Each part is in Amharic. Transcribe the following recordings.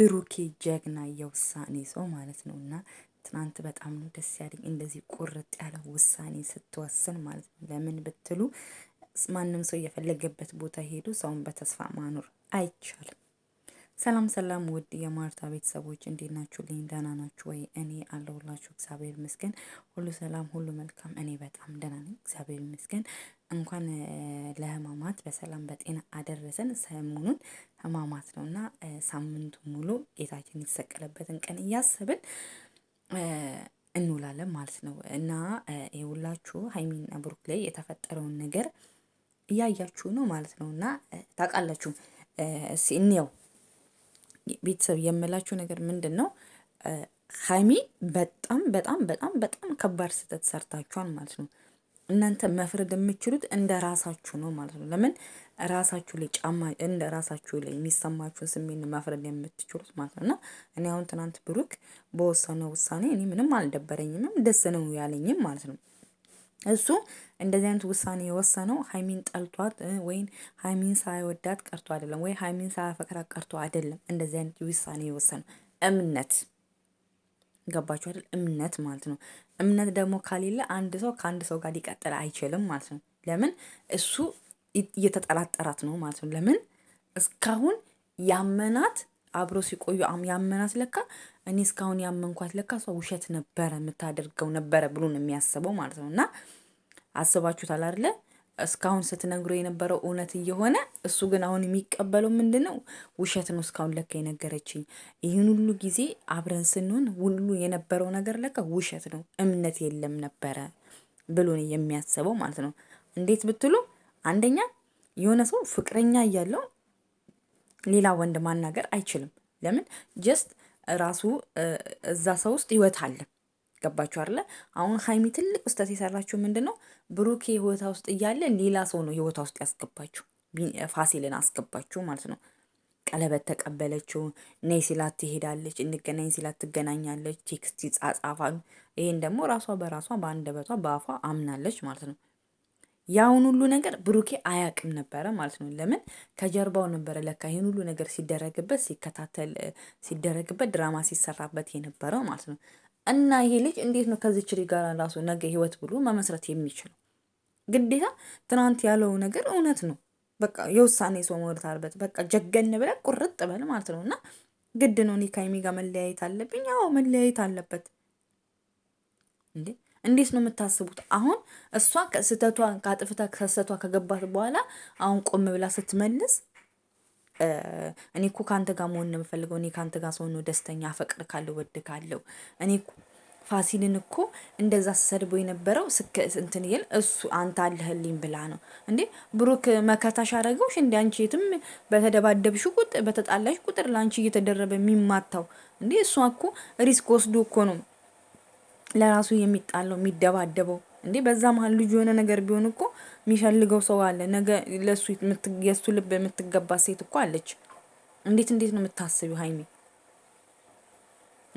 ብሩኬ ጀግና የውሳኔ ሰው ማለት ነው እና ትናንት በጣም ነው ደስ ያለኝ እንደዚህ ቁርጥ ያለ ውሳኔ ስትወስን ማለት ነው። ለምን ብትሉ ማንም ሰው የፈለገበት ቦታ ሄዱ ሰውን በተስፋ ማኖር አይቻልም። ሰላም ሰላም ውድ የማርታ ቤተሰቦች እንዴት ናችሁ? ልኝ ደህና ናችሁ ወይ? እኔ አለሁላችሁ። እግዚአብሔር ይመስገን፣ ሁሉ ሰላም፣ ሁሉ መልካም። እኔ በጣም ደህና ነኝ፣ እግዚአብሔር ይመስገን። እንኳን ለህማማት በሰላም በጤና አደረሰን። ሰሞኑን ህማማት ነው እና ሳምንቱ ሙሉ ጌታችን የተሰቀለበትን ቀን እያሰብን እንውላለን ማለት ነው እና የሁላችሁ ሀይሚና ብሩክ ላይ የተፈጠረውን ነገር እያያችሁ ነው ማለት ነው እና ታውቃላችሁ፣ እስኪ እንየው ቤተሰብ የምላችሁ ነገር ምንድን ነው? ሀይሚ በጣም በጣም በጣም በጣም ከባድ ስህተት ሰርታችኋል ማለት ነው። እናንተ መፍረድ የምችሉት እንደ ራሳችሁ ነው ማለት ነው። ለምን ራሳችሁ ላይ ጫማ እንደ ራሳችሁ ላይ የሚሰማችሁን ስሜት መፍረድ የምትችሉት ማለት ነው። እና እኔ አሁን ትናንት ብሩክ በወሰነ ውሳኔ እኔ ምንም አልደበረኝምም ደስ ነው ያለኝም ማለት ነው። እሱ እንደዚህ አይነት ውሳኔ የወሰነው ሀይሚን ጠልቷት ወይም ሀይሚን ሳይወዳት ቀርቶ አይደለም፣ ወይ ሀይሚን ሳያፈቅራት ቀርቶ አይደለም። እንደዚህ አይነት ውሳኔ የወሰነው እምነት ገባችሁ አይደል? እምነት ማለት ነው። እምነት ደግሞ ከሌለ አንድ ሰው ከአንድ ሰው ጋር ሊቀጥል አይችልም ማለት ነው። ለምን እሱ እየተጠላጠራት ነው ማለት ነው። ለምን እስካሁን ያመናት አብሮ ሲቆዩ ያመናት ለካ እኔ እስካሁን ያመንኳት ለካ እሷ ውሸት ነበረ የምታደርገው ነበረ ብሎ ነው የሚያስበው ማለት ነው። እና አስባችሁታል አይደለ? እስካሁን ስትነግሮ የነበረው እውነት እየሆነ እሱ ግን አሁን የሚቀበለው ምንድን ነው? ውሸት ነው እስካሁን ለካ የነገረችኝ። ይህን ሁሉ ጊዜ አብረን ስንሆን ሁሉ የነበረው ነገር ለካ ውሸት ነው፣ እምነት የለም ነበረ ብሎ የሚያስበው ማለት ነው። እንዴት ብትሉ አንደኛ የሆነ ሰው ፍቅረኛ እያለው ሌላ ወንድ ማናገር አይችልም። ለምን ጀስት ራሱ እዛ ሰው ውስጥ ህይወት አለ። ገባችሁ አይደለ? አሁን ሀይሚ ትልቅ ስህተት የሰራችሁ ምንድን ነው? ብሩኬ ህይወታ ውስጥ እያለ ሌላ ሰው ነው ህይወታ ውስጥ ያስገባችሁ። ፋሲልን አስገባችሁ ማለት ነው። ቀለበት ተቀበለችው። ነይ ሲላት ትሄዳለች፣ እንገናኝ ሲላት ትገናኛለች፣ ቴክስት ይጻጻፋሉ። ይሄን ደግሞ ራሷ በራሷ በአንደበቷ በአፏ አምናለች ማለት ነው። ያውን ሁሉ ነገር ብሩኬ አያውቅም ነበረ ማለት ነው። ለምን ከጀርባው ነበረ ለካ ይህን ሁሉ ነገር ሲደረግበት ሲከታተል ሲደረግበት ድራማ ሲሰራበት የነበረው ማለት ነው። እና ይሄ ልጅ እንዴት ነው ከዚህ ችሪ ጋር ራሱ ነገ ህይወት ብሎ መመስረት የሚችለው? ግዴታ ትናንት ያለው ነገር እውነት ነው። በቃ የውሳኔ ሰው መውደት አለበት። በቃ ጀገን ብለ ቁርጥ በል ማለት ነው። እና ግድ ነው እኔ ከሀይሚ መለያየት አለብኝ። ያው መለያየት አለበት እንዴ እንዴት ነው የምታስቡት? አሁን እሷ ስህተቷ ከአጥፍታ ከሰቷ ከገባት በኋላ አሁን ቆም ብላ ስትመልስ እኔ እኮ ከአንተ ጋር መሆን ነው የምፈልገው። እኔ ከአንተ ጋር ሰሆን ነው ደስተኛ፣ አፈቅር ካለው ወድ ካለው እኔ ፋሲልን እኮ እንደዛ ስሰድቦ የነበረው ስንትን ይል እሱ አንተ አለህልኝ ብላ ነው እንዴ? ብሩክ መከታሽ አረገውሽ እንዲ አንቺ የትም በተደባደብሽ ቁጥር በተጣላሽ ቁጥር ለአንቺ እየተደረበ የሚማታው እንዴ? እሷ እኮ ሪስክ ወስዶ እኮ ነው ለራሱ የሚጣለው የሚደባደበው እንዴ በዛ መሀል ልጁ የሆነ ነገር ቢሆን እኮ የሚፈልገው ሰው አለ። ነገ ለሱ የሱ ልብ የምትገባ ሴት እኮ አለች። እንዴት እንዴት ነው የምታስቢው ሀይሚ?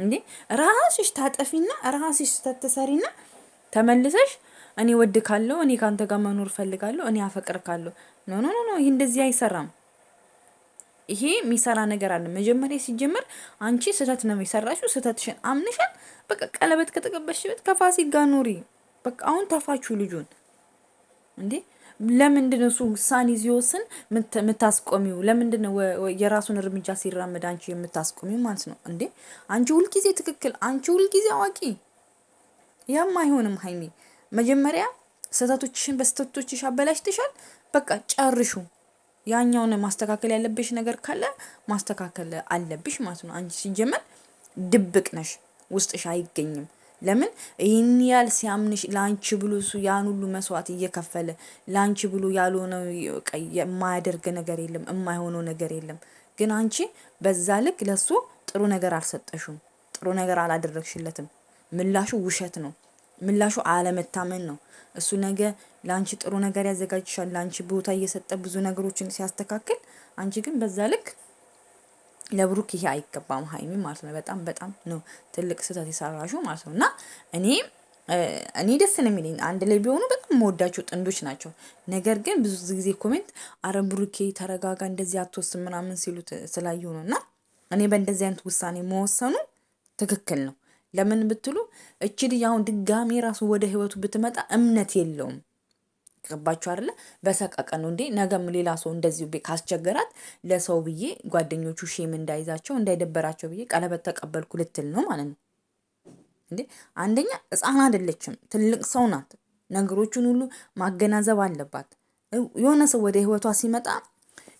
እንዴ ራስሽ ታጠፊና ራስሽ ስተትሰሪና ተመልሰሽ እኔ ወድ እኔ ከአንተ ጋር መኖር ፈልጋለሁ እኔ አፈቅርካለሁ ኖ ኖ ኖ ይህ እንደዚህ አይሰራም። ይሄ የሚሰራ ነገር አለ። መጀመሪያ ሲጀምር አንቺ ስህተት ነው የሰራሽው። ስህተትሽን አምንሽን በቃ ቀለበት ከተቀበሽበት ከፋሲል ጋር ኑሪ። በቃ አሁን ተፋችሁ ልጁን እንዴ ለምንድን እሱ ውሳኔ ሲወስን የምታስቆሚው? ለምንድን የራሱን እርምጃ ሲራመድ አንቺ የምታስቆሚው ማለት ነው እንዴ? አንቺ ሁልጊዜ ትክክል፣ አንቺ ሁልጊዜ አዋቂ። ያም አይሆንም ሀይሚ። መጀመሪያ ስህተቶችሽን በስህተቶችሽ አበላሽተሻል። በቃ ጨርሹ። ያኛውን ማስተካከል ያለብሽ ነገር ካለ ማስተካከል አለብሽ ማለት ነው። አንቺ ሲጀመር ድብቅ ነሽ፣ ውስጥሽ አይገኝም። ለምን ይህን ያህል ሲያምንሽ ለአንቺ ብሎ እሱ ያን ሁሉ መስዋዕት እየከፈለ ለአንቺ ብሎ ያልሆነ የማያደርግ ነገር የለም፣ የማይሆነው ነገር የለም። ግን አንቺ በዛ ልክ ለሱ ጥሩ ነገር አልሰጠሽም፣ ጥሩ ነገር አላደረግሽለትም። ምላሹ ውሸት ነው። ምላሹ አለመታመን ነው። እሱ ነገ ለአንቺ ጥሩ ነገር ያዘጋጅሻል፣ ለአንቺ ቦታ እየሰጠ ብዙ ነገሮችን ሲያስተካክል፣ አንቺ ግን በዛ ልክ ለብሩክ ይሄ አይገባም ሀይሚ ማለት ነው። በጣም በጣም ነው ትልቅ ስህተት የሰራሹ ማለት ነው እና እኔ እኔ ደስ ነው የሚለኝ አንድ ላይ ቢሆኑ በጣም መወዳቸው ጥንዶች ናቸው። ነገር ግን ብዙ ጊዜ ኮሜንት አረ ብሩኬ ተረጋጋ፣ እንደዚህ አትወስን ምናምን ሲሉት ስላየሁ ነው እና እኔ በእንደዚህ አይነት ውሳኔ መወሰኑ ትክክል ነው። ለምን ብትሉ እችድ ልጅ አሁን ድጋሜ ራሱ ወደ ህይወቱ ብትመጣ እምነት የለውም። ገባችሁ አይደለ? በሰቀቀን ነው እንዴ። ነገም ሌላ ሰው እንደዚሁ ካስቸገራት ለሰው ብዬ ጓደኞቹ ሼም እንዳይዛቸው እንዳይደበራቸው ብዬ ቀለበት ተቀበልኩ ልትል ነው ማለት ነው እንዴ። አንደኛ ሕፃን አይደለችም፣ ትልቅ ሰው ናት። ነገሮቹን ሁሉ ማገናዘብ አለባት። የሆነ ሰው ወደ ህይወቷ ሲመጣ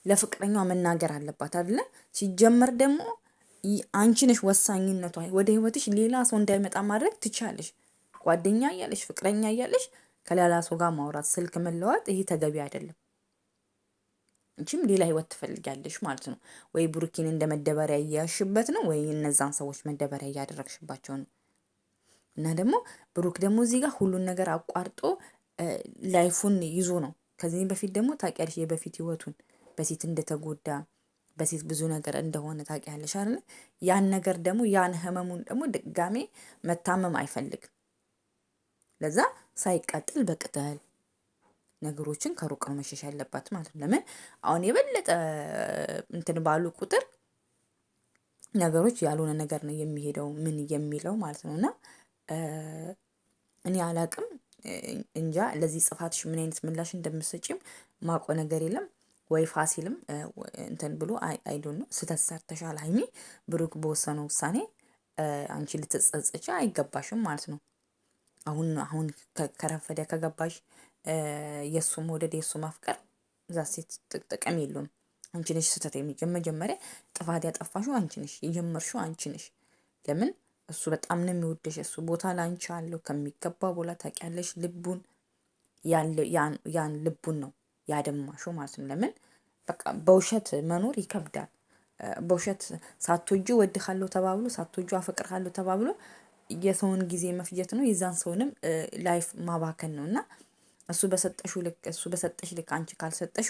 ለፍቅረኛ መናገር አለባት አይደለ? ሲጀመር ደግሞ አንቺ ነሽ ወሳኝነቷ። ወደ ህይወትሽ ሌላ ሰው እንዳይመጣ ማድረግ ትቻለሽ። ጓደኛ እያለሽ ፍቅረኛ እያለሽ ከሌላ ሰው ጋር ማውራት፣ ስልክ መለዋወጥ ይሄ ተገቢ አይደለም። አንቺም ሌላ ህይወት ትፈልጊያለሽ ማለት ነው። ወይ ብሩኪን እንደ መደበሪያ እያያሽበት ነው፣ ወይ እነዛን ሰዎች መደበሪያ እያደረግሽባቸው ነው። እና ደግሞ ብሩክ ደግሞ እዚህ ጋር ሁሉን ነገር አቋርጦ ላይፉን ይዞ ነው። ከዚህ በፊት ደግሞ ታውቂያለሽ የበፊት ህይወቱን በሴት እንደተጎዳ በሴት ብዙ ነገር እንደሆነ ታውቂያለሽ አይደለ? ያን ነገር ደግሞ ያን ህመሙን ደግሞ ድጋሜ መታመም አይፈልግም። ለዛ ሳይቃጠል በቅጠል ነገሮችን ከሩቅ ነው መሸሽ ያለባት ማለት ነው። ለምን አሁን የበለጠ እንትን ባሉ ቁጥር ነገሮች ያልሆነ ነገር ነው የሚሄደው ምን የሚለው ማለት ነው። እና እኔ አላቅም እንጃ ለዚህ ጽፋትሽ ምን አይነት ምላሽ እንደምሰጪም ማቆ ነገር የለም ወይ ፋሲልም እንትን ብሎ አይዶን ነው ስህተት ሰርተሻል ሀይሚ ብሩክ በወሰነው ውሳኔ አንቺ ልትጸጸች አይገባሽም ማለት ነው። አሁን አሁን ከረፈደ ከገባሽ የእሱ መውደድ የእሱ ማፍቀር እዛ ሴት ጥቅም የሉም። አንቺ ነሽ ስህተት መጀመሪያ ጥፋት ያጠፋሹ አንቺ ነሽ፣ የጀመርሽው አንቺ ነሽ። ለምን እሱ በጣም ነው የሚወደሽ። እሱ ቦታ ላንቺ አለው ከሚገባ ቦላ ታውቂያለሽ። ልቡን ያን ልቡን ነው ያደማሹ ማለት ነው። ለምን በቃ በውሸት መኖር ይከብዳል። በውሸት ሳትወጁ ወድካለሁ ተባብሎ ሳትወጁ አፈቅርካለሁ ተባብሎ የሰውን ጊዜ መፍጀት ነው፣ የዛን ሰውንም ላይፍ ማባከን ነው እና እሱ በሰጠሹ ልክ እሱ በሰጠሽ ልክ አንቺ ካልሰጠሹ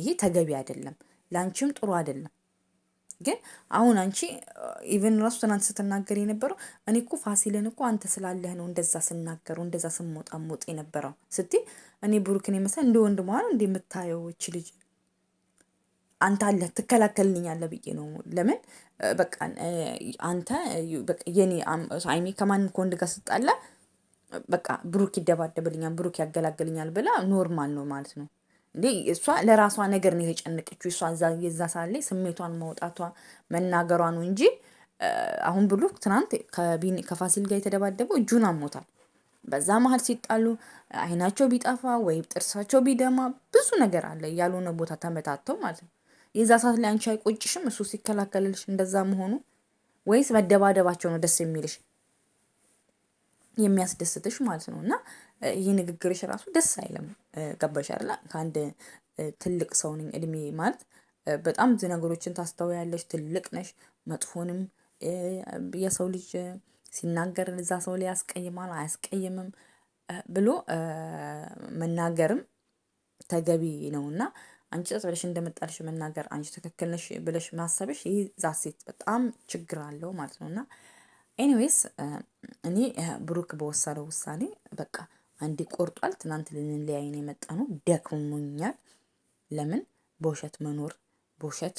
ይሄ ተገቢ አይደለም፣ ለአንቺም ጥሩ አይደለም። ግን አሁን አንቺ ኢቨን ራሱ ትናንት ስትናገር የነበረው እኔ እኮ ፋሲልን እኮ አንተ ስላለህ ነው እንደዛ ስናገሩ እንደዛ ስሞጣሞጥ የነበረው ስትይ እኔ ብሩክን የመሰል እንደ ወንድ ነው እንደ የምታየው ልጅ አንተ አለህ አለ ብዬ ነው። ለምን በቃ አንተ የኔ ሀይሚ ከማንም ከወንድ ጋር ስጣለ በቃ ብሩክ ይደባደብልኛል፣ ብሩክ ያገላግልኛል ብላ ኖርማል ነው ማለት ነው እንዴ? እሷ ለራሷ ነገር ነው የተጨነቀችው። እሷ የዛ ሳ ላይ ስሜቷን ማውጣቷ መናገሯ ነው እንጂ አሁን ብሩክ ትናንት ከፋሲል ጋር የተደባደበው እጁን አሞታል። በዛ መሀል ሲጣሉ አይናቸው ቢጠፋ ወይም ጥርሳቸው ቢደማ ብዙ ነገር አለ፣ ያልሆነ ቦታ ተመታተው ማለት ነው። የዛ ሰዓት ላይ አንቺ አይቆጭሽም? እሱ ሲከላከልልሽ እንደዛ መሆኑ ወይስ መደባደባቸው ነው ደስ የሚልሽ የሚያስደስትሽ ማለት ነው? እና ይህ ንግግርሽ ራሱ ደስ አይልም። ገባሽ አይደለ? ከአንድ ትልቅ ሰው ነኝ እድሜ ማለት በጣም ብዙ ነገሮችን ታስተውያለሽ። ትልቅ ነሽ። መጥፎንም የሰው ልጅ ሲናገር እዛ ሰው ላይ ያስቀይማል አያስቀይምም ብሎ መናገርም ተገቢ ነው እና አንቺ ጸጥ ብለሽ እንደመጣልሽ መናገር፣ አንቺ ትክክል ነሽ ብለሽ ማሰብሽ ይህ ዛሴት በጣም ችግር አለው ማለት ነው። እና ኤኒዌይስ እኔ ብሩክ በወሰነው ውሳኔ በቃ አንዴ ቆርጧል። ትናንት ልንለያይን የመጣ ነው ደክሞኛል። ለምን በውሸት መኖር በውሸት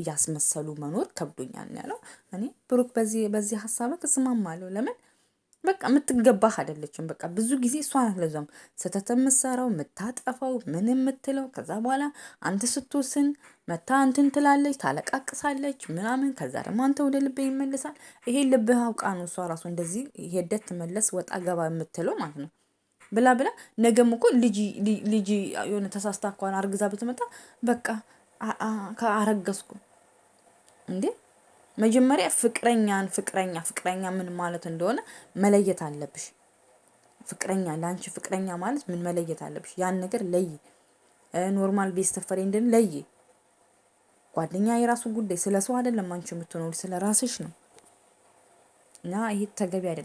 እያስመሰሉ መኖር ከብዶኛል ያለው እኔ ብሩክ በዚህ ሀሳብ እስማማለሁ። ለምን በቃ የምትገባህ አይደለችም። በቃ ብዙ ጊዜ እሷ ናት ለዛም ስህተት የምትሰራው የምታጠፋው፣ ምን የምትለው። ከዛ በኋላ አንተ ስትወስን መታ እንትን ትላለች፣ ታለቃቅሳለች ምናምን። ከዛ ደግሞ አንተ ወደ ልብህ ይመለሳል። ይሄ ልብህ አውቃ ነው እሷ ራሱ እንደዚህ ሄደት ትመለስ ወጣ ገባ የምትለው ማለት ነው ብላ ብላ ነገም እኮ ልጅ የሆነ ተሳስታ እንኳን አርግዛ ብትመጣ በቃ ከአረገዝኩ እንዴ መጀመሪያ ፍቅረኛን ፍቅረኛ ፍቅረኛ ምን ማለት እንደሆነ መለየት አለብሽ። ፍቅረኛ ለአንቺ ፍቅረኛ ማለት ምን መለየት አለብሽ። ያን ነገር ለይ። ኖርማል ቤስት ፍሬንድን ለይ። ጓደኛ የራሱ ጉዳይ። ስለ ሰው አይደለም አንቺ የምትኖሪ ስለ ራስሽ ነው። እና ይሄ ተገቢ አይደለም።